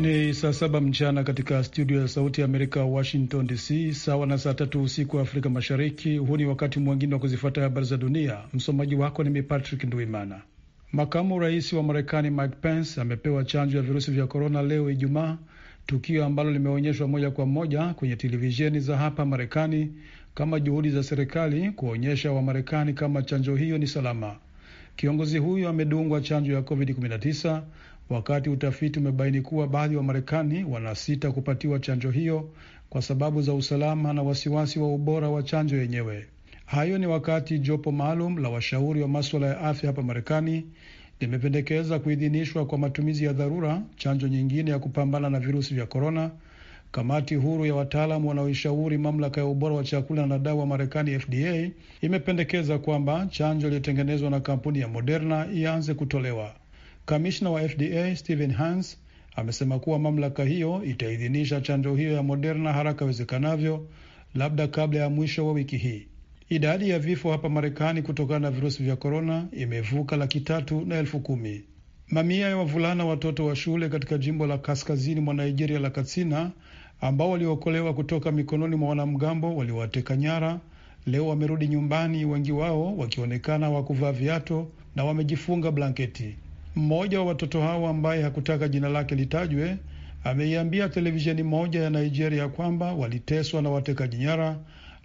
Ni saa saba mchana katika studio ya Sauti ya Amerika, Washington DC, sawa na saa tatu usiku wa Afrika Mashariki. Huu ni wakati mwingine wa kuzifuata habari za dunia. Msomaji wako ni mimi Patrick Makamu rais wa Marekani Mike Pence amepewa chanjo ya virusi vya korona leo Ijumaa, tukio ambalo limeonyeshwa moja kwa moja kwenye televisheni za hapa Marekani kama juhudi za serikali kuonyesha Wamarekani kama chanjo hiyo ni salama. Kiongozi huyo amedungwa chanjo ya COVID-19 wakati utafiti umebaini kuwa baadhi wa marekani wanasita kupatiwa chanjo hiyo kwa sababu za usalama na wasiwasi wa ubora wa chanjo yenyewe. Hayo ni wakati jopo maalum la washauri wa maswala ya afya hapa Marekani limependekeza kuidhinishwa kwa matumizi ya dharura chanjo nyingine ya kupambana na virusi vya korona. Kamati huru ya wataalamu wanaoishauri mamlaka ya ubora wa chakula na dawa Marekani, FDA, imependekeza kwamba chanjo iliyotengenezwa na kampuni ya Moderna ianze kutolewa. Kamishna wa FDA Stephen Hans amesema kuwa mamlaka hiyo itaidhinisha chanjo hiyo ya Moderna haraka iwezekanavyo, labda kabla ya mwisho wa wiki hii. Idadi ya vifo hapa Marekani kutokana na virusi vya korona imevuka laki tatu na elfu kumi. Mamia ya wavulana watoto wa shule katika jimbo la kaskazini mwa Nigeria la Katsina, ambao waliokolewa kutoka mikononi mwa wanamgambo waliowateka nyara, leo wamerudi nyumbani, wengi wao wakionekana kuvaa viato na wamejifunga blanketi. Mmoja wa watoto hao ambaye hakutaka jina lake litajwe ameiambia televisheni moja ya Nigeria kwamba waliteswa na watekaji nyara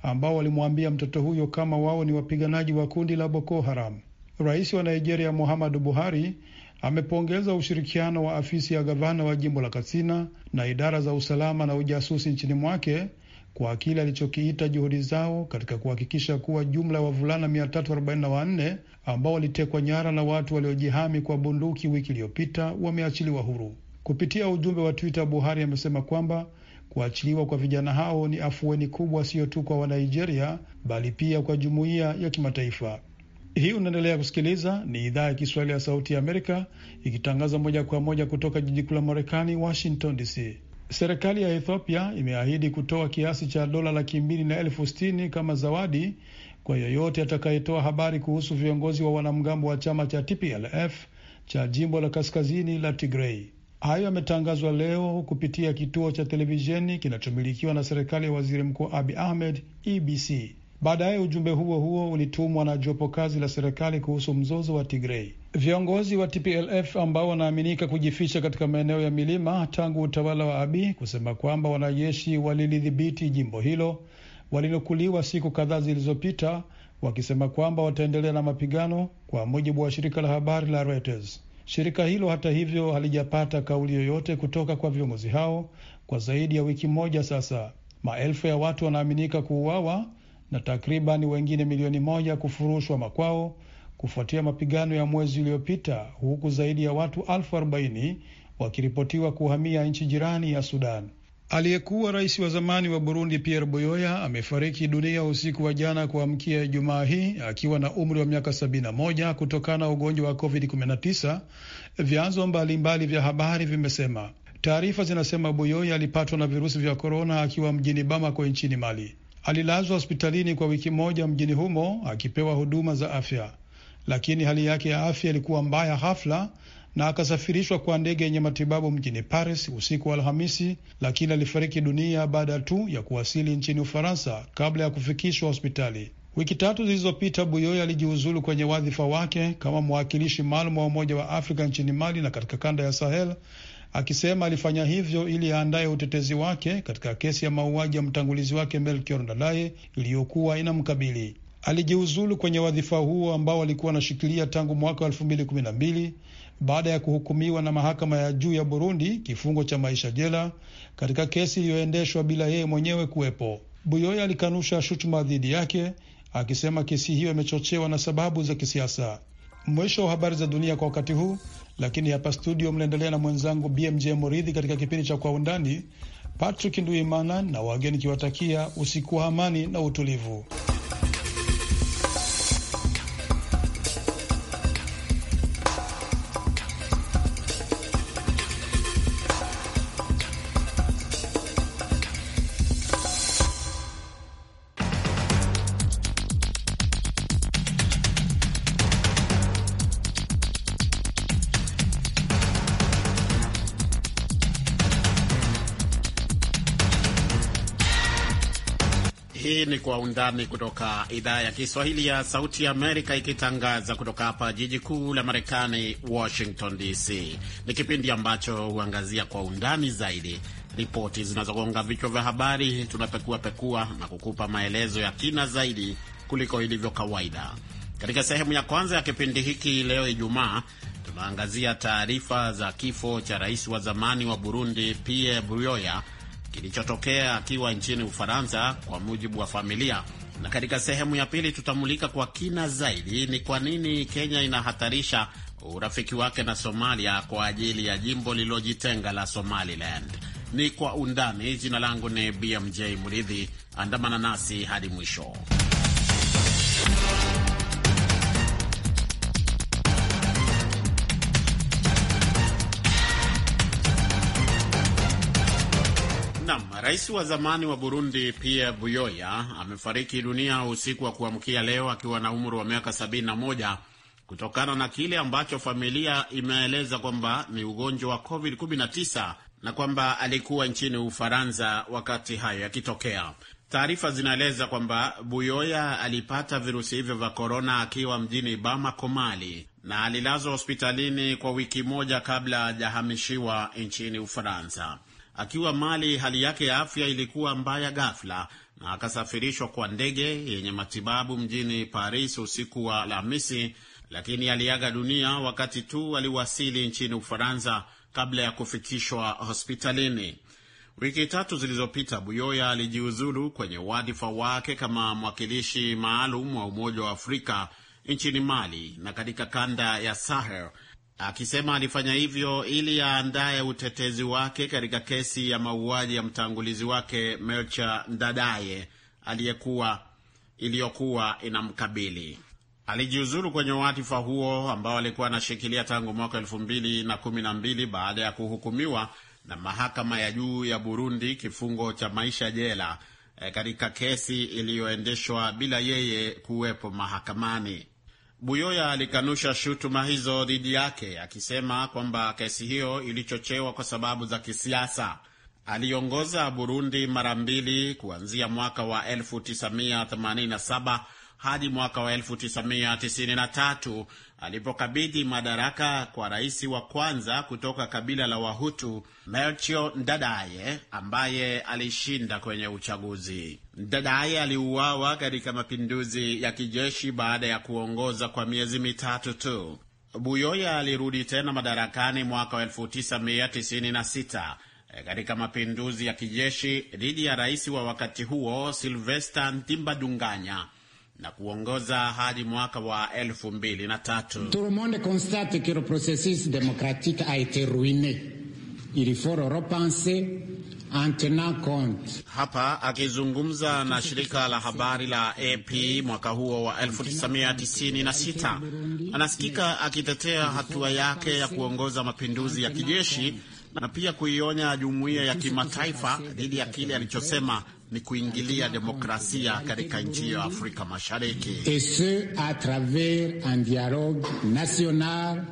ambao walimwambia mtoto huyo kama wao ni wapiganaji wa kundi la Boko Haram. Rais wa Nigeria Muhammadu Buhari amepongeza ushirikiano wa afisi ya gavana wa jimbo la Katsina na idara za usalama na ujasusi nchini mwake kwa kile alichokiita juhudi zao katika kuhakikisha kuwa jumla ya wavulana 344 ambao walitekwa nyara na watu waliojihami kwa bunduki wiki iliyopita wameachiliwa huru. Kupitia ujumbe wa Twitter, Buhari amesema kwamba kuachiliwa kwa vijana hao ni afueni kubwa, sio tu kwa Wanigeria bali pia kwa jumuiya ya kimataifa. Hii unaendelea kusikiliza, ni idhaa ya Kiswahili ya Sauti ya Amerika ikitangaza moja kwa moja kutoka jiji kuu la Marekani, Washington DC. Serikali ya Ethiopia imeahidi kutoa kiasi cha dola laki mbili na elfu sitini kama zawadi kwa yeyote atakayetoa habari kuhusu viongozi wa wanamgambo wa chama cha TPLF cha jimbo la kaskazini la Tigrei. Hayo yametangazwa leo kupitia kituo cha televisheni kinachomilikiwa na serikali ya waziri mkuu Abi Ahmed, EBC. Baadaye ujumbe huo huo ulitumwa na jopo kazi la serikali kuhusu mzozo wa Tigrei. Viongozi wa TPLF ambao wanaaminika kujificha katika maeneo ya milima tangu utawala wa Abi kusema kwamba wanajeshi walilidhibiti jimbo hilo walilokuliwa siku kadhaa zilizopita, wakisema kwamba wataendelea na mapigano, kwa mujibu wa shirika la habari la Reuters. Shirika hilo hata hivyo halijapata kauli yoyote kutoka kwa viongozi hao kwa zaidi ya wiki moja sasa. Maelfu ya watu wanaaminika kuuawa na takriban wengine milioni moja kufurushwa makwao kufuatia mapigano ya mwezi uliopita, huku zaidi ya watu elfu arobaini wakiripotiwa kuhamia nchi jirani ya Sudan. Aliyekuwa rais wa zamani wa Burundi Pierre Buyoya amefariki dunia usiku wa jana kuamkia Ijumaa hii akiwa na umri wa miaka 71 kutokana na ugonjwa wa COVID-19, vyanzo mbalimbali vya habari vimesema. Taarifa zinasema Buyoya alipatwa na virusi vya korona akiwa mjini Bamako nchini Mali alilazwa hospitalini kwa wiki moja mjini humo akipewa huduma za afya, lakini hali yake ya afya ilikuwa mbaya ghafla na akasafirishwa kwa ndege yenye matibabu mjini Paris usiku wa Alhamisi, lakini alifariki dunia baada tu ya kuwasili nchini Ufaransa kabla ya kufikishwa hospitali. Wiki tatu zilizopita, Buyoya alijiuzulu kwenye wadhifa wake kama mwakilishi maalum wa Umoja wa Afrika nchini Mali na katika kanda ya Sahel akisema alifanya hivyo ili aandaye utetezi wake katika kesi ya mauaji ya mtangulizi wake Melchior Ndadaye iliyokuwa inamkabili. Alijiuzulu kwenye wadhifa huo ambao alikuwa anashikilia tangu mwaka wa elfu mbili kumi na mbili baada ya kuhukumiwa na mahakama ya juu ya Burundi kifungo cha maisha jela katika kesi iliyoendeshwa bila yeye mwenyewe kuwepo. Buyoya alikanusha shutuma dhidi yake akisema kesi hiyo imechochewa na sababu za kisiasa. Mwisho wa habari za dunia kwa wakati huu, lakini hapa studio mnaendelea na mwenzangu BMJ Moridhi katika kipindi cha Kwa Undani. Patrick Nduimana na wageni kiwatakia usiku wa amani na utulivu. undani kutoka idhaa ya Kiswahili ya Sauti ya Amerika, ikitangaza kutoka hapa jiji kuu la Marekani, Washington DC. Ni kipindi ambacho huangazia kwa undani zaidi ripoti zinazogonga vichwa vya habari. Tunapekua pekua na kukupa maelezo ya kina zaidi kuliko ilivyo kawaida. Katika sehemu ya kwanza ya kipindi hiki leo Ijumaa, tunaangazia taarifa za kifo cha rais wa zamani wa Burundi Pierre Buyoya kilichotokea akiwa nchini Ufaransa, kwa mujibu wa familia. Na katika sehemu ya pili tutamulika kwa kina zaidi ni kwa nini Kenya inahatarisha urafiki wake na Somalia kwa ajili ya jimbo lililojitenga la Somaliland. Ni kwa undani. Jina langu ni BMJ Muridhi, andamana nasi hadi mwisho. Rais wa zamani wa Burundi Pierre Buyoya amefariki dunia usiku wa kuamkia leo akiwa na umri wa miaka 71 kutokana na kile ambacho familia imeeleza kwamba ni ugonjwa wa COVID-19 na kwamba alikuwa nchini Ufaransa wakati hayo yakitokea. Taarifa zinaeleza kwamba Buyoya alipata virusi hivyo vya korona akiwa mjini Bamako, Mali, na alilazwa hospitalini kwa wiki moja kabla hajahamishiwa nchini Ufaransa akiwa Mali. Hali yake ya afya ilikuwa mbaya ghafla na akasafirishwa kwa ndege yenye matibabu mjini Paris usiku wa Alhamisi, lakini aliaga dunia wakati tu aliwasili nchini Ufaransa kabla ya kufikishwa hospitalini. Wiki tatu zilizopita, Buyoya alijiuzulu kwenye wadhifa wake kama mwakilishi maalum wa Umoja wa Afrika nchini Mali na katika kanda ya Sahel akisema alifanya hivyo ili aandaye utetezi wake katika kesi ya mauaji ya mtangulizi wake Melcha Ndadaye aliyekuwa iliyokuwa inamkabili. Alijiuzuru kwenye wadhifa huo ambao alikuwa anashikilia tangu mwaka elfu mbili na kumi na mbili baada ya kuhukumiwa na mahakama ya juu ya Burundi kifungo cha maisha jela e, katika kesi iliyoendeshwa bila yeye kuwepo mahakamani. Buyoya alikanusha shutuma hizo dhidi yake akisema kwamba kesi hiyo ilichochewa kwa sababu za kisiasa. Aliongoza Burundi mara mbili kuanzia mwaka wa hadi mwaka wa 1993 alipokabidhi madaraka kwa rais wa kwanza kutoka kabila la Wahutu Melchior Ndadaye ambaye alishinda kwenye uchaguzi. Ndadaye aliuawa katika mapinduzi ya kijeshi baada ya kuongoza kwa miezi mitatu tu. Buyoya alirudi tena madarakani mwaka wa 1996 e, katika mapinduzi ya kijeshi dhidi ya rais wa wakati huo Silvester Ntimbadunganya na kuongoza hadi mwaka wa elfu mbili na tatu. Hapa akizungumza na shirika la habari la AP mwaka huo wa 1996 anasikika akitetea hatua yake ya kuongoza mapinduzi ya kijeshi na pia kuionya jumuiya ya kimataifa dhidi ya kile alichosema ni kuingilia demokrasia katika nchi ya Afrika Mashariki, et ce a travers un dialogue national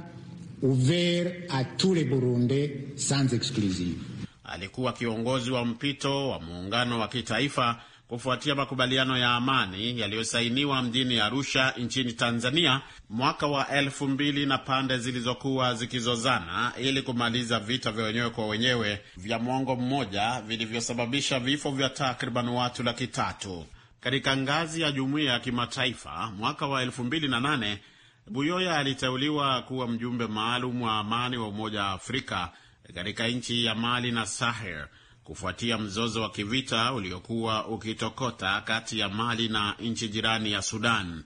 ouvert a tous les burundais sans exclusive. Alikuwa kiongozi wa mpito wa muungano wa kitaifa kufuatia makubaliano ya amani yaliyosainiwa mjini Arusha nchini Tanzania mwaka wa elfu mbili na pande zilizokuwa zikizozana ili kumaliza vita vya wenyewe kwa wenyewe vya mwongo mmoja vilivyosababisha vifo vya takriban watu laki tatu. Katika ngazi ya jumuiya ya kimataifa mwaka wa elfu mbili na nane Buyoya aliteuliwa kuwa mjumbe maalum wa amani wa Umoja wa Afrika katika nchi ya Mali na Sahel kufuatia mzozo wa kivita uliokuwa ukitokota kati ya Mali na nchi jirani ya Sudan.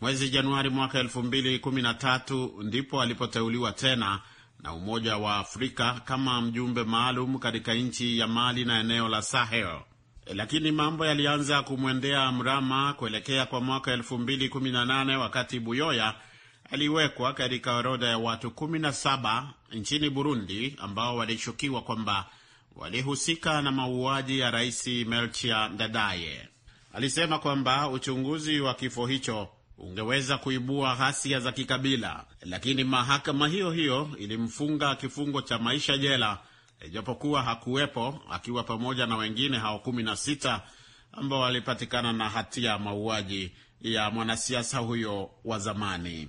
Mwezi Januari mwaka 2013 ndipo alipoteuliwa tena na Umoja wa Afrika kama mjumbe maalum katika nchi ya Mali na eneo la Sahel, lakini mambo yalianza kumwendea mrama kuelekea kwa mwaka 2018 wakati Buyoya aliwekwa katika orodha ya watu 17 nchini Burundi ambao walishukiwa kwamba walihusika na mauaji ya rais Melchior Ndadaye. Alisema kwamba uchunguzi wa kifo hicho ungeweza kuibua ghasia za kikabila, lakini mahakama hiyo hiyo ilimfunga kifungo cha maisha jela, ijapokuwa hakuwepo akiwa pamoja na wengine hao kumi na sita ambao walipatikana na hatia ya mauaji ya mwanasiasa huyo wa zamani.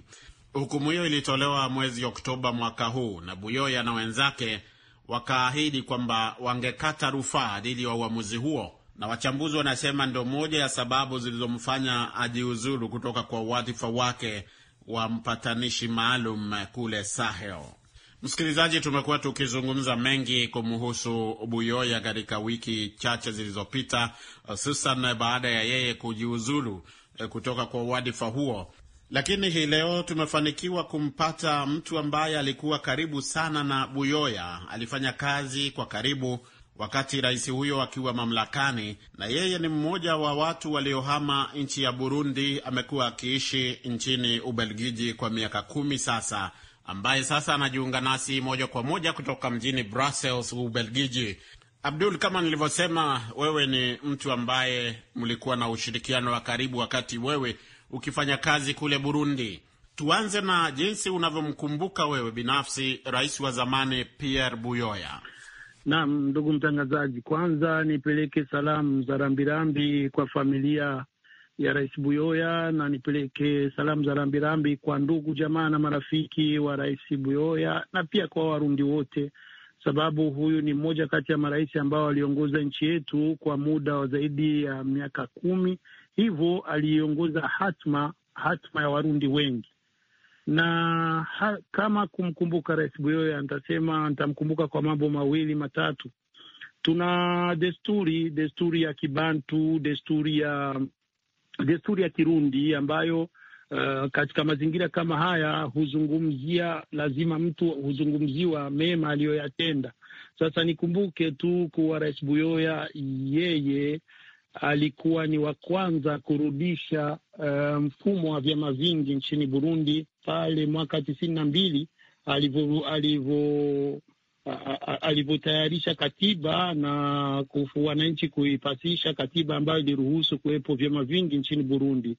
Hukumu hiyo ilitolewa mwezi Oktoba mwaka huu na Buyoya na wenzake wakaahidi kwamba wangekata rufaa dhidi ya uamuzi huo, na wachambuzi wanasema ndo moja ya sababu zilizomfanya ajiuzuru kutoka kwa wadhifa wake wa mpatanishi maalum kule Sahel. Msikilizaji, tumekuwa tukizungumza mengi kumhusu Buyoya katika wiki chache zilizopita, hususan baada ya yeye kujiuzulu kutoka kwa wadhifa huo lakini hii leo tumefanikiwa kumpata mtu ambaye alikuwa karibu sana na Buyoya, alifanya kazi kwa karibu wakati rais huyo akiwa mamlakani, na yeye ni mmoja wa watu waliohama nchi ya Burundi. Amekuwa akiishi nchini Ubelgiji kwa miaka kumi sasa, ambaye sasa anajiunga nasi moja kwa moja kutoka mjini Brussels, Ubelgiji. Abdul, kama nilivyosema, wewe ni mtu ambaye mlikuwa na ushirikiano wa karibu wakati wewe ukifanya kazi kule Burundi. Tuanze na jinsi unavyomkumbuka wewe binafsi rais wa zamani Pierre Buyoya. Naam, ndugu mtangazaji, kwanza nipeleke salamu za rambirambi kwa familia ya Rais Buyoya na nipeleke salamu za rambirambi kwa ndugu jamaa na marafiki wa Rais Buyoya na pia kwa Warundi wote, sababu huyu ni mmoja kati ya marais ambao waliongoza nchi yetu kwa muda wa zaidi ya miaka kumi hivyo aliiongoza hatma hatma ya Warundi wengi na ha, kama kumkumbuka Rais Buyoya ntasema nitamkumbuka kwa mambo mawili matatu. Tuna desturi desturi ya Kibantu, desturi ya desturi ya Kirundi ambayo uh, katika mazingira kama haya huzungumzia lazima mtu huzungumziwa mema aliyoyatenda. Sasa nikumbuke tu kuwa Rais Buyoya yeye alikuwa ni wa kwanza kurudisha uh, mfumo wa vyama vingi nchini Burundi pale mwaka tisini na mbili alivyotayarisha katiba na wananchi kuipasisha katiba ambayo iliruhusu kuwepo vyama vingi nchini Burundi,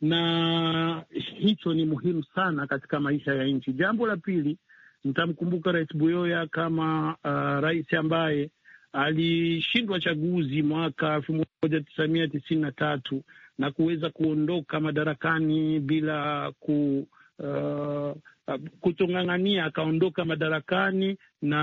na hicho ni muhimu sana katika maisha ya nchi. Jambo la pili, mtamkumbuka Rais Buyoya kama uh, rais ambaye alishindwa chaguzi mwaka elfu moja tisa mia tisini na tatu na kuweza kuondoka madarakani bila ku uh, kutong'ang'ania akaondoka madarakani na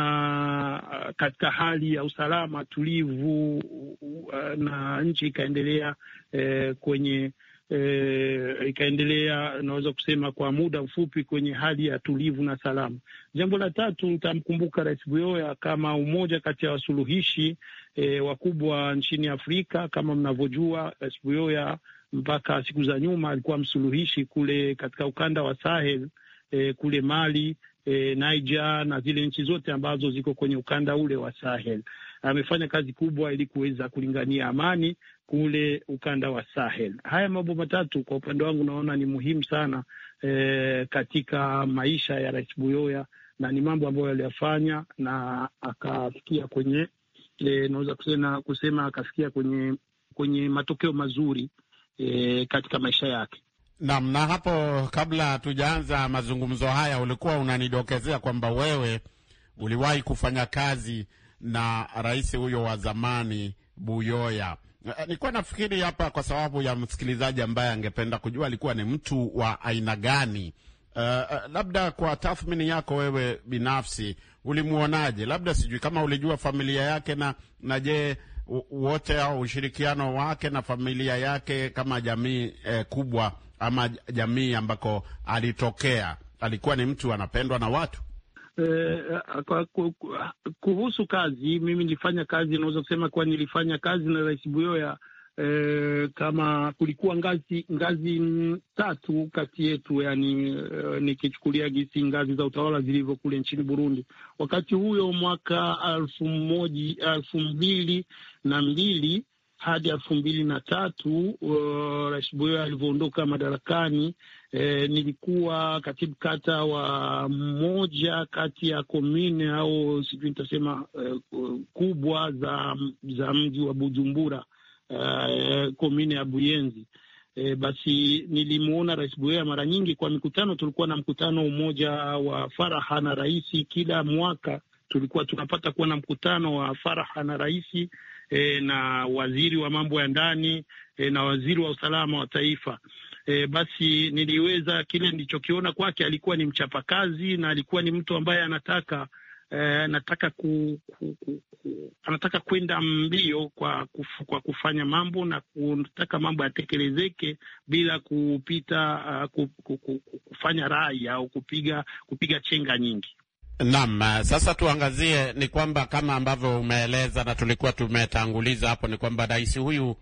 uh, katika hali ya usalama tulivu, uh, na nchi ikaendelea uh, kwenye e, ikaendelea naweza kusema kwa muda mfupi kwenye hali ya tulivu na salama. Jambo la tatu, nitamkumbuka Rais Buyoya kama umoja kati ya wasuluhishi e, wakubwa nchini Afrika. Kama mnavyojua, Rais Buyoya mpaka siku za nyuma alikuwa msuluhishi kule katika ukanda wa Sahel e, kule Mali e, Niger na zile nchi zote ambazo ziko kwenye ukanda ule wa Sahel amefanya kazi kubwa ili kuweza kulingania amani kule ukanda wa Sahel. Haya mambo matatu kwa upande wangu naona ni muhimu sana e, katika maisha ya Rais Buyoya na ni mambo ambayo aliyafanya na akafikia kwenye e, naweza kusema, kusema akafikia kwenye kwenye matokeo mazuri e, katika maisha yake. Naam, na hapo kabla tujaanza mazungumzo haya, ulikuwa unanidokezea kwamba wewe uliwahi kufanya kazi na rais huyo wa zamani Buyoya. Eh, nilikuwa nafikiri hapa, kwa sababu ya msikilizaji ambaye angependa kujua alikuwa ni mtu wa aina gani. Uh, labda kwa tathmini yako wewe binafsi ulimwonaje? Labda sijui kama ulijua familia yake na na je, wote au ushirikiano wake na familia yake kama jamii eh, kubwa ama jamii ambako alitokea, alikuwa ni mtu anapendwa na watu? Eh, kuhusu kazi, mimi nilifanya kazi, naweza kusema kuwa nilifanya kazi na Rais Buyoya e, kama kulikuwa ngazi ngazi tatu kati yetu, yani e, nikichukulia gisi ngazi za utawala zilivyo kule nchini Burundi wakati huyo mwaka alfu moja elfu mbili na mbili hadi elfu mbili na tatu uh, Rais Buyoya alivyoondoka madarakani e, nilikuwa katibu kata wa moja kati ya komine au sijui nitasema e, kubwa za za mji wa Bujumbura e, komine ya Buyenzi. E, basi nilimwona Rais Buea mara nyingi kwa mikutano. Tulikuwa na mkutano umoja wa faraha na raisi kila mwaka, tulikuwa tunapata kuwa na mkutano wa faraha na raisi e, na waziri wa mambo ya ndani e, na waziri wa usalama wa taifa e, basi niliweza kile nilichokiona kwake, alikuwa ni mchapakazi na alikuwa ni mtu ambaye anataka e, anataka ku, ku, ku, ku, anataka kwenda mbio kwa, kufu, kwa kufanya mambo na kutaka mambo yatekelezeke bila kupita uh, kufanya rai au kupiga kupiga chenga nyingi. Naam, eh, sasa tuangazie ni kwamba kama ambavyo umeeleza na tulikuwa tumetanguliza hapo, ni kwamba rais huyu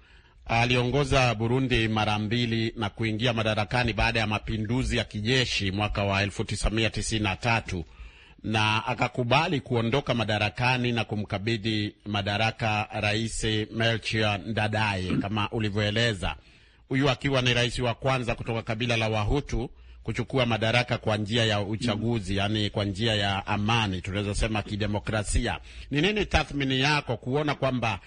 Aliongoza Burundi mara mbili na kuingia madarakani baada ya mapinduzi ya kijeshi mwaka wa 1993 na akakubali kuondoka madarakani na kumkabidhi madaraka Rais Melchior Ndadaye, kama ulivyoeleza, huyu akiwa ni rais wa kwanza kutoka kabila la Wahutu kuchukua madaraka kwa njia ya uchaguzi mm, yaani kwa njia ya amani, tunaweza sema kidemokrasia. Ni nini tathmini yako kuona kwamba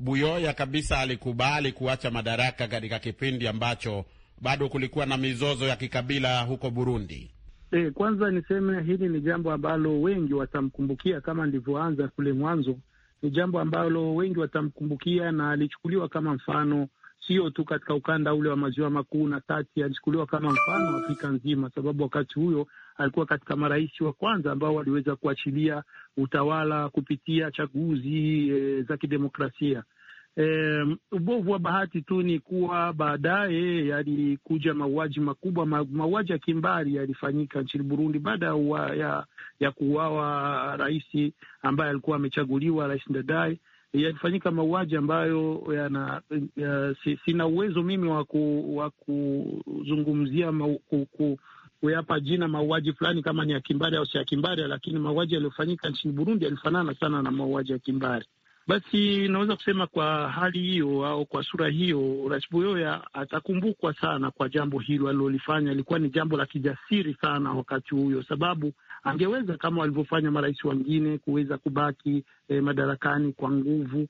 Buyoya kabisa alikubali kuacha madaraka katika kipindi ambacho bado kulikuwa na mizozo ya kikabila huko Burundi. E, kwanza niseme hili ni jambo ambalo wengi watamkumbukia kama ndivyoanza kule mwanzo. Ni jambo ambalo wengi watamkumbukia na alichukuliwa kama mfano, sio tu katika ukanda ule wa maziwa makuu na kati, alichukuliwa kama mfano Afrika nzima, sababu wakati huyo alikuwa katika marais wa kwanza ambao waliweza kuachilia utawala kupitia chaguzi e, za kidemokrasia. E, ubovu wa bahati tu ni kuwa baadaye yalikuja mauaji makubwa, mauaji ya kimbari yalifanyika nchini Burundi baada ya, ya kuuawa rais ambaye alikuwa amechaguliwa, Rais Ndadaye yalifanyika mauaji ambayo yana ya, eh, sina uwezo mimi wa kuzungumzia ku, kuyapa jina mauaji fulani kama ni ya kimbari au si ya kimbari, lakini mauaji yaliyofanyika nchini Burundi yalifanana sana na mauaji ya kimbari. Basi naweza kusema kwa hali hiyo au kwa sura hiyo, Rais Buyoya atakumbukwa sana kwa jambo hilo alilolifanya. Ilikuwa ni jambo la kijasiri sana wakati huyo, sababu angeweza kama walivyofanya marais wengine kuweza kubaki eh, madarakani kwa nguvu.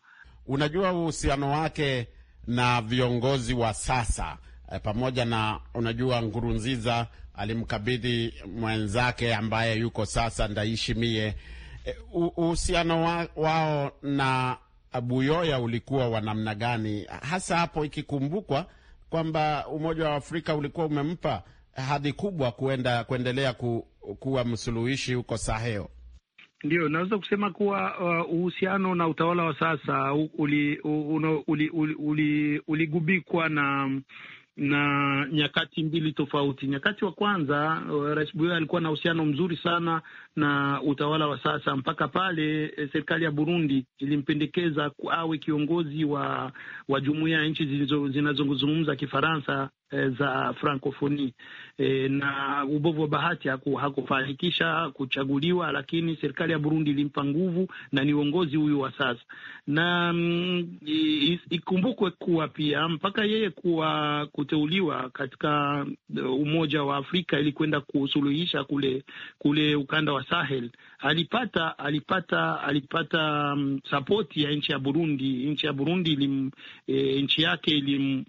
Unajua uhusiano wake na viongozi wa sasa e, pamoja na unajua, Ngurunziza alimkabidhi mwenzake ambaye yuko sasa Ndaishimie. Eh, uhusiano wao na Buyoya ulikuwa wa namna gani hasa hapo, ikikumbukwa kwamba Umoja wa Afrika ulikuwa umempa hadhi kubwa kuenda kuendelea ku, kuwa msuluhishi huko saheo Ndio, naweza kusema kuwa uh, uhusiano na utawala wa sasa uligubikwa uli, uli, uli, uli na na nyakati mbili tofauti. Nyakati wa kwanza eh, Rais Buyoya alikuwa na uhusiano mzuri sana na utawala wa sasa, mpaka pale eh, serikali ya Burundi ilimpendekeza awe kiongozi wa wa jumuiya ya nchi zinazozungumza Kifaransa Eh, za Frankofoni e, eh, na ubovu wa bahati hakufanikisha kuchaguliwa, lakini serikali ya Burundi ilimpa nguvu na ni uongozi huyu wa sasa. Na mm, ikumbukwe kuwa pia mpaka yeye kuwa kuteuliwa katika eh, Umoja wa Afrika ili kwenda kusuluhisha kule kule ukanda wa Sahel, alipata alipata alipata um, mm, sapoti ya nchi ya Burundi. Nchi ya Burundi ilim, e, nchi yake ilim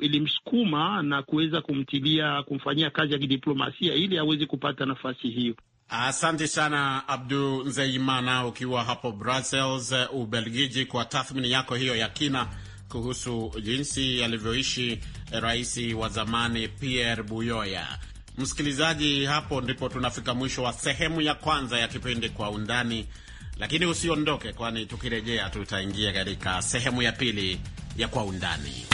ilimsukuma na kuweza kumtilia kumfanyia kazi ya kidiplomasia ili aweze kupata nafasi hiyo. Asante sana Abdu Nzeimana, ukiwa hapo Brussels, Ubelgiji, kwa tathmini yako hiyo ya kina kuhusu jinsi alivyoishi eh, rais wa zamani Pierre Buyoya. Msikilizaji, hapo ndipo tunafika mwisho wa sehemu ya kwanza ya kipindi Kwa Undani, lakini usiondoke, kwani tukirejea tutaingia katika sehemu ya pili ya Kwa Undani.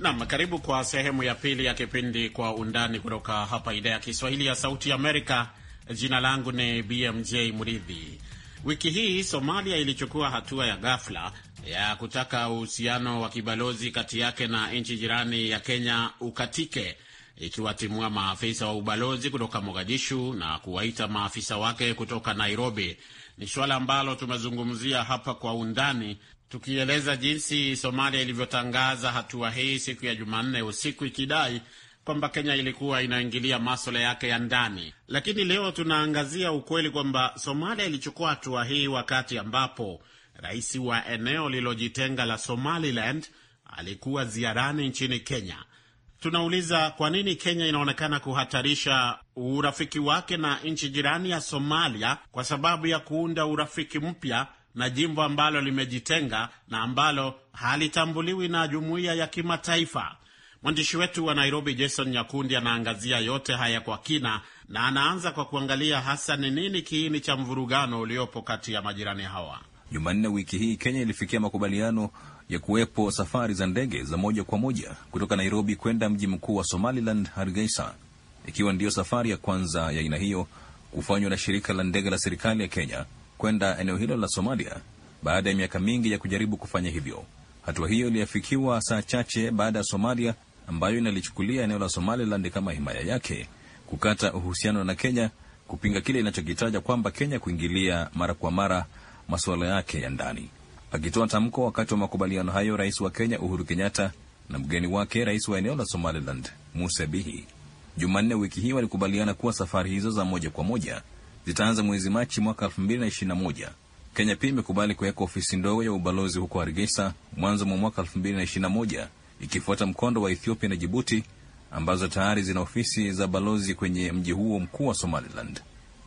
Nam, karibu kwa sehemu ya pili ya kipindi Kwa Undani kutoka hapa idhaa ya Kiswahili ya Sauti Amerika. Jina langu ni BMJ Mridhi. Wiki hii Somalia ilichukua hatua ya ghafla ya kutaka uhusiano wa kibalozi kati yake na nchi jirani ya Kenya ukatike, ikiwatimua maafisa wa ubalozi kutoka Mogadishu na kuwaita maafisa wake kutoka Nairobi. Ni suala ambalo tumezungumzia hapa kwa undani tukieleza jinsi Somalia ilivyotangaza hatua hii siku ya Jumanne usiku ikidai kwamba Kenya ilikuwa inaingilia maswala yake ya ndani, lakini leo tunaangazia ukweli kwamba Somalia ilichukua hatua hii wakati ambapo rais wa eneo lililojitenga la Somaliland alikuwa ziarani nchini Kenya. Tunauliza, kwa nini Kenya inaonekana kuhatarisha urafiki wake na nchi jirani ya Somalia kwa sababu ya kuunda urafiki mpya na jimbo ambalo limejitenga na ambalo halitambuliwi na jumuiya ya kimataifa? Mwandishi wetu wa Nairobi, Jason Nyakundi, anaangazia yote haya kwa kina na anaanza kwa kuangalia hasa ni nini kiini cha mvurugano uliopo kati ya majirani hawa. Jumanne wiki hii Kenya ilifikia makubaliano ya kuwepo safari za ndege za moja kwa moja kutoka Nairobi kwenda mji mkuu wa Somaliland, Hargeisa, ikiwa ndiyo safari ya kwanza ya aina hiyo kufanywa na shirika la ndege la serikali ya Kenya kwenda eneo hilo la Somalia baada ya miaka mingi ya kujaribu kufanya hivyo. Hatua hiyo iliafikiwa saa chache baada ya Somalia ambayo inalichukulia eneo la Somaliland kama himaya yake, kukata uhusiano na Kenya, kupinga kile inachokitaja kwamba Kenya kuingilia mara kwa mara masuala yake ya ndani. Akitoa tamko wakati wa makubaliano hayo, rais wa Kenya Uhuru Kenyatta na mgeni wake rais wa eneo la Somaliland Musa Bihi Jumanne wiki hii walikubaliana kuwa safari hizo za moja kwa moja zitaanza mwezi Machi mwaka 2021. Kenya pia imekubali kuweka ofisi ndogo ya ubalozi huko Hargeisa mwanzo mwa mwaka 2021 ikifuata mkondo wa Ethiopia na Jibuti ambazo tayari zina ofisi za balozi kwenye mji huo mkuu wa Somaliland.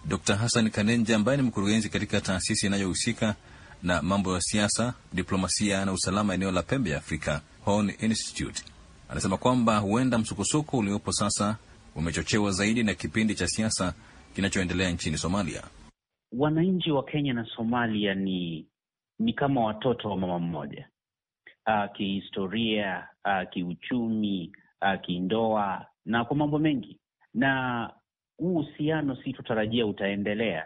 Dr Hassan Kanenja ambaye ni mkurugenzi katika taasisi inayohusika na mambo ya siasa, diplomasia na usalama eneo la pembe ya Afrika, Horn Institute, anasema kwamba huenda msukosuko uliopo sasa umechochewa zaidi na kipindi cha siasa kinachoendelea nchini Somalia. Wananchi wa Kenya na Somalia ni ni kama watoto wa mama mmoja. Uh, kihistoria, uh, kiuchumi uh, kindoa na kwa mambo mengi, na huu uhusiano si tutarajia utaendelea.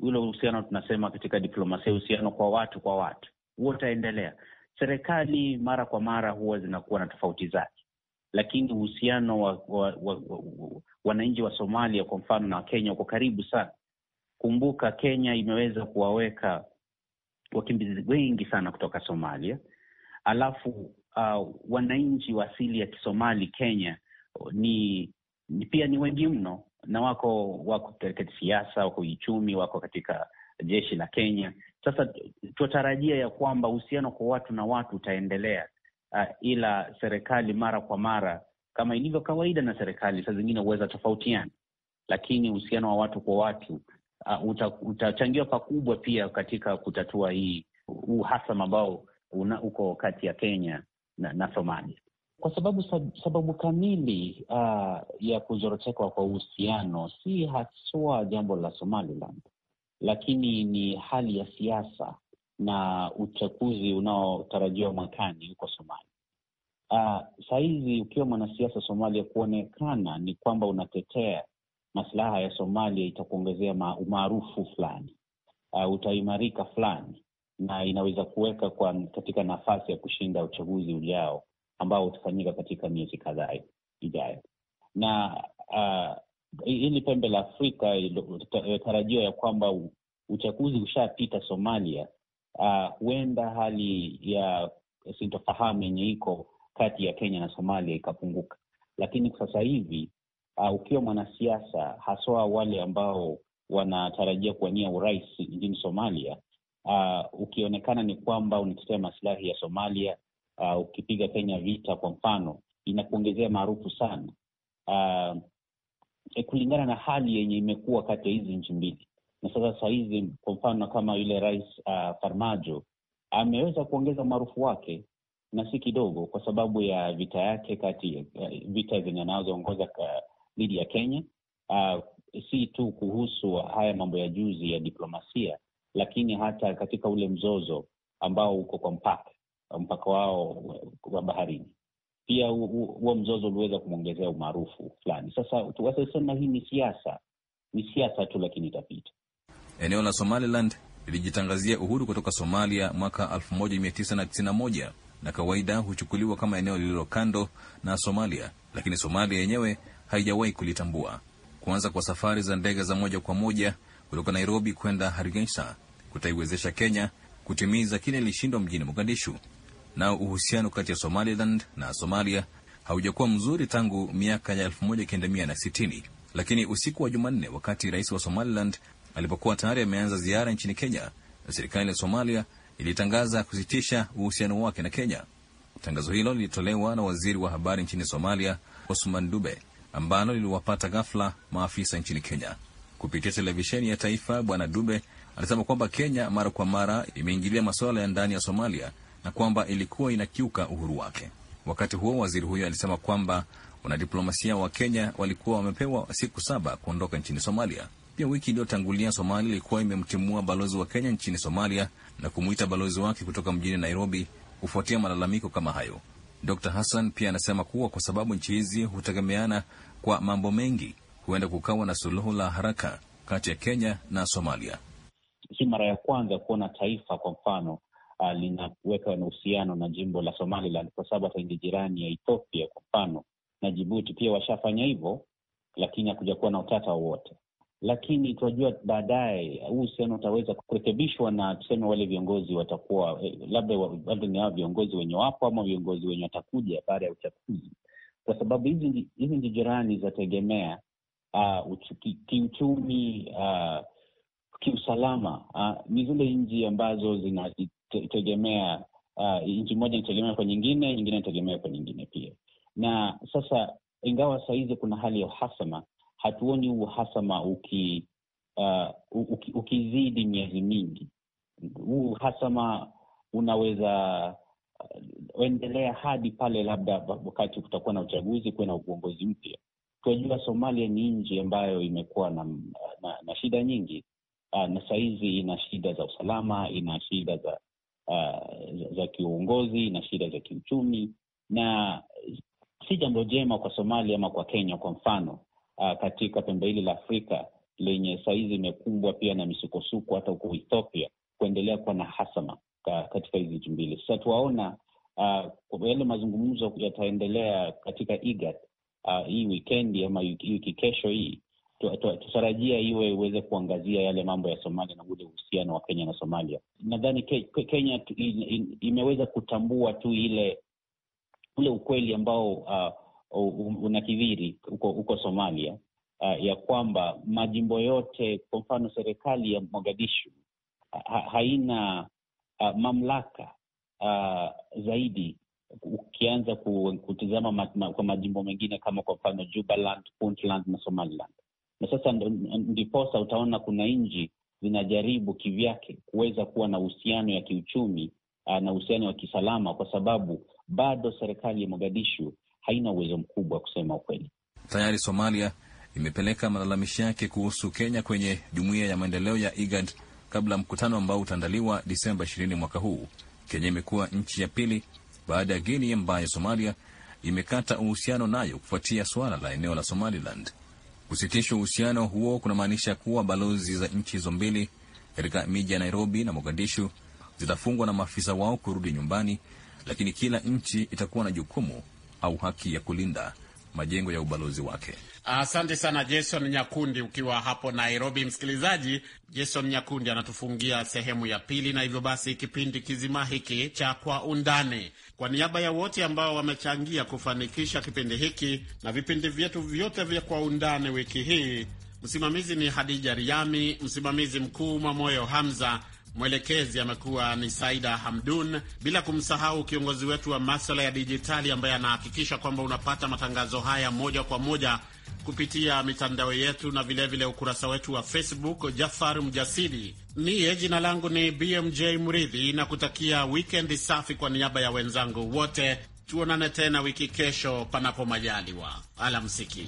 Ule uhusiano tunasema katika diplomasia, uhusiano kwa watu kwa watu, huo utaendelea. Serikali mara kwa mara huwa zinakuwa na tofauti zake, lakini uhusiano wa wananchi wa, wa, wa, wa Somalia kwa mfano na Wakenya uko karibu sana. Kumbuka Kenya imeweza kuwaweka wakimbizi wengi sana kutoka Somalia alafu uh, wananchi wa asili ya Kisomali Kenya ni, ni pia ni wengi mno na wako wako katika siasa, wako uchumi, wako katika jeshi la Kenya. Sasa tuatarajia ya kwamba uhusiano kwa watu na watu utaendelea, uh, ila serikali mara kwa mara kama ilivyo kawaida na serikali, saa zingine huweza tofautiana, lakini uhusiano wa watu kwa watu uh, utachangiwa pakubwa pia katika kutatua hii uh, uhasama ambao una, uko kati ya Kenya na, na Somalia kwa sababu sababu kamili uh, ya kuzorotekwa kwa uhusiano si haswa jambo la Somaliland, lakini ni hali ya siasa na uchaguzi unaotarajiwa mwakani huko Somalia. Uh, sahizi ukiwa mwanasiasa Somalia, kuonekana ni kwamba unatetea maslaha ya Somalia itakuongezea umaarufu fulani, uh, utaimarika fulani na inaweza kuweka kwa katika nafasi ya kushinda uchaguzi ujao ambao utafanyika katika miezi kadhaa ijayo. Na uh, hili pembe la Afrika tarajio ya kwamba uchaguzi ushapita Somalia, uh, huenda hali ya sintofahamu yenye iko kati ya Kenya na Somalia ikapunguka, lakini sasa hivi uh, ukiwa mwanasiasa haswa wale ambao wanatarajia kuwania urais nchini Somalia uh, ukionekana ni kwamba unatetea masilahi ya Somalia uh, ukipiga Kenya vita kwa mfano, inakuongezea maarufu sana uh, e, kulingana na hali yenye imekuwa kati ya hizi nchi mbili. Na sasa sahizi, kwa mfano kama yule rais uh, Farmajo ameweza kuongeza umaarufu wake na si kidogo, kwa sababu ya vita yake kati eh, vita zenye anazoongoza dhidi ya Kenya uh, si tu kuhusu haya mambo ya juzi ya diplomasia lakini hata katika ule mzozo ambao uko kwa mpaka mpaka wao wa baharini pia huo mzozo uliweza kumwongezea umaarufu fulani. Sasa wasema hii ni siasa, ni siasa tu, lakini itapita. Eneo la Somaliland lilijitangazia uhuru kutoka Somalia mwaka 1991 na kawaida huchukuliwa kama eneo lililo kando na Somalia, lakini Somalia yenyewe haijawahi kulitambua. Kuanza kwa safari za ndege za moja kwa moja kutoka Nairobi kwenda Hargeisa kutaiwezesha Kenya kutimiza kile ilishindwa mjini Mogadishu. Nao uhusiano kati ya Somaliland na Somalia haujakuwa mzuri tangu miaka ya 1960 lakini usiku wa Jumanne, wakati rais wa Somaliland alipokuwa tayari ameanza ziara nchini Kenya, serikali ya Somalia ilitangaza kusitisha uhusiano wake na Kenya. Tangazo hilo lilitolewa na waziri wa habari nchini Somalia, Osman Dube, ambalo liliwapata ghafla maafisa nchini Kenya. Kupitia televisheni ya taifa, Bwana Dube alisema kwamba Kenya mara kwa mara imeingilia masuala ya ndani ya Somalia na kwamba ilikuwa inakiuka uhuru wake. Wakati huo, waziri huyo alisema kwamba wanadiplomasia wa Kenya walikuwa wamepewa siku saba kuondoka nchini Somalia. Pia wiki iliyotangulia Somalia ilikuwa imemtimua balozi wa Kenya nchini Somalia na kumwita balozi wake kutoka mjini Nairobi kufuatia malalamiko kama hayo. Dr Hassan pia anasema kuwa kwa sababu nchi hizi hutegemeana kwa mambo mengi, huenda kukawa na suluhu la haraka kati ya Kenya na Somalia. Si mara ya kwanza kuona taifa kwa mfano uh, linaweka na uhusiano na jimbo la Somaliland kwa sababu hata nchi jirani ya Ethiopia kwa mfano na Jibuti pia washafanya hivyo, lakini hakuja kuwa na utata wowote. Lakini tunajua baadaye huu uhusiano utaweza kurekebishwa na tuseme wale viongozi watakuwa eh, labda ni hawa viongozi wenye wapo ama viongozi wenye watakuja baada ya uchaguzi, kwa sababu hizi ni jirani zategemea uh, kiuchumi uh, kiusalama uh, ni zile nchi ambazo zinategemea uh, nchi moja inategemea kwa nyingine, nyingine inategemea kwa nyingine pia. Na sasa ingawa sahizi kuna hali ya uhasama, hatuoni uhasama uki, uh, uki, ukizidi miezi mingi. Huu uhasama unaweza uh, endelea hadi pale labda wakati kutakuwa na uchaguzi, kuwe na uongozi mpya Tunajua Somalia ni nchi ambayo imekuwa na, na, na shida nyingi uh, na sahizi ina shida za usalama, ina shida za uh, za, kiuongozi, ina shida za kiuchumi, na si jambo jema kwa Somalia ama kwa Kenya kwa mfano uh, katika pembe hili la Afrika lenye sahizi imekumbwa pia na misukosuko hata huko Ethiopia kuendelea kuwa na hasama katika hizi nchi mbili. Sasa tuwaona uh, yale mazungumzo yataendelea katika IGAD uh, hii wikendi ama wiki kesho hii tutarajia iwe iweze kuangazia yale mambo ya Somalia na ule uhusiano wa Kenya na Somalia. Nadhani ke, Kenya tu, in, in, imeweza kutambua tu ile ule ukweli ambao uh, unakidhiri uko, uko Somalia uh, ya kwamba majimbo yote, kwa mfano serikali ya Mogadishu ha, haina uh, mamlaka uh, zaidi ukianza kutizama ma, ma, kwa majimbo mengine kama kwa mfano Jubaland, Puntland na Somaliland. Na sasa ndiposa utaona kuna nchi zinajaribu kivyake kuweza kuwa na uhusiano ya kiuchumi ah, na uhusiano wa kisalama, kwa sababu bado serikali ya Mogadishu haina uwezo mkubwa wa kusema ukweli. Tayari Somalia imepeleka malalamishi yake kuhusu Kenya kwenye jumuiya ya maendeleo ya IGAD kabla mkutano ambao utaandaliwa Disemba ishirini mwaka huu. Kenya imekuwa nchi ya pili baada ya Guinea ambayo Somalia imekata uhusiano nayo kufuatia suala la eneo la Somaliland. Kusitishwa uhusiano huo kunamaanisha kuwa balozi za nchi hizo mbili katika miji ya Nairobi na Mogadishu zitafungwa na maafisa wao kurudi nyumbani, lakini kila nchi itakuwa na jukumu au haki ya kulinda majengo ya ubalozi wake. Asante sana Jason Nyakundi ukiwa hapo Nairobi. Msikilizaji, Jason Nyakundi anatufungia sehemu ya pili, na hivyo basi kipindi kizima hiki cha Kwa Undani, kwa niaba ya wote ambao wamechangia kufanikisha kipindi hiki na vipindi vyetu vyote vya Kwa Undani wiki hii, msimamizi ni Hadija Riami, msimamizi mkuu Mwamoyo Hamza. Mwelekezi amekuwa ni Saida Hamdun, bila kumsahau kiongozi wetu wa maswala ya dijitali ambaye anahakikisha kwamba unapata matangazo haya moja kwa moja kupitia mitandao yetu na vilevile vile ukurasa wetu wa Facebook, Jafar Mjasiri. Niye jina langu ni BMJ Mridhi na kutakia wikendi safi kwa niaba ya wenzangu wote. Tuonane tena wiki kesho, panapo majaliwa. Alamsiki.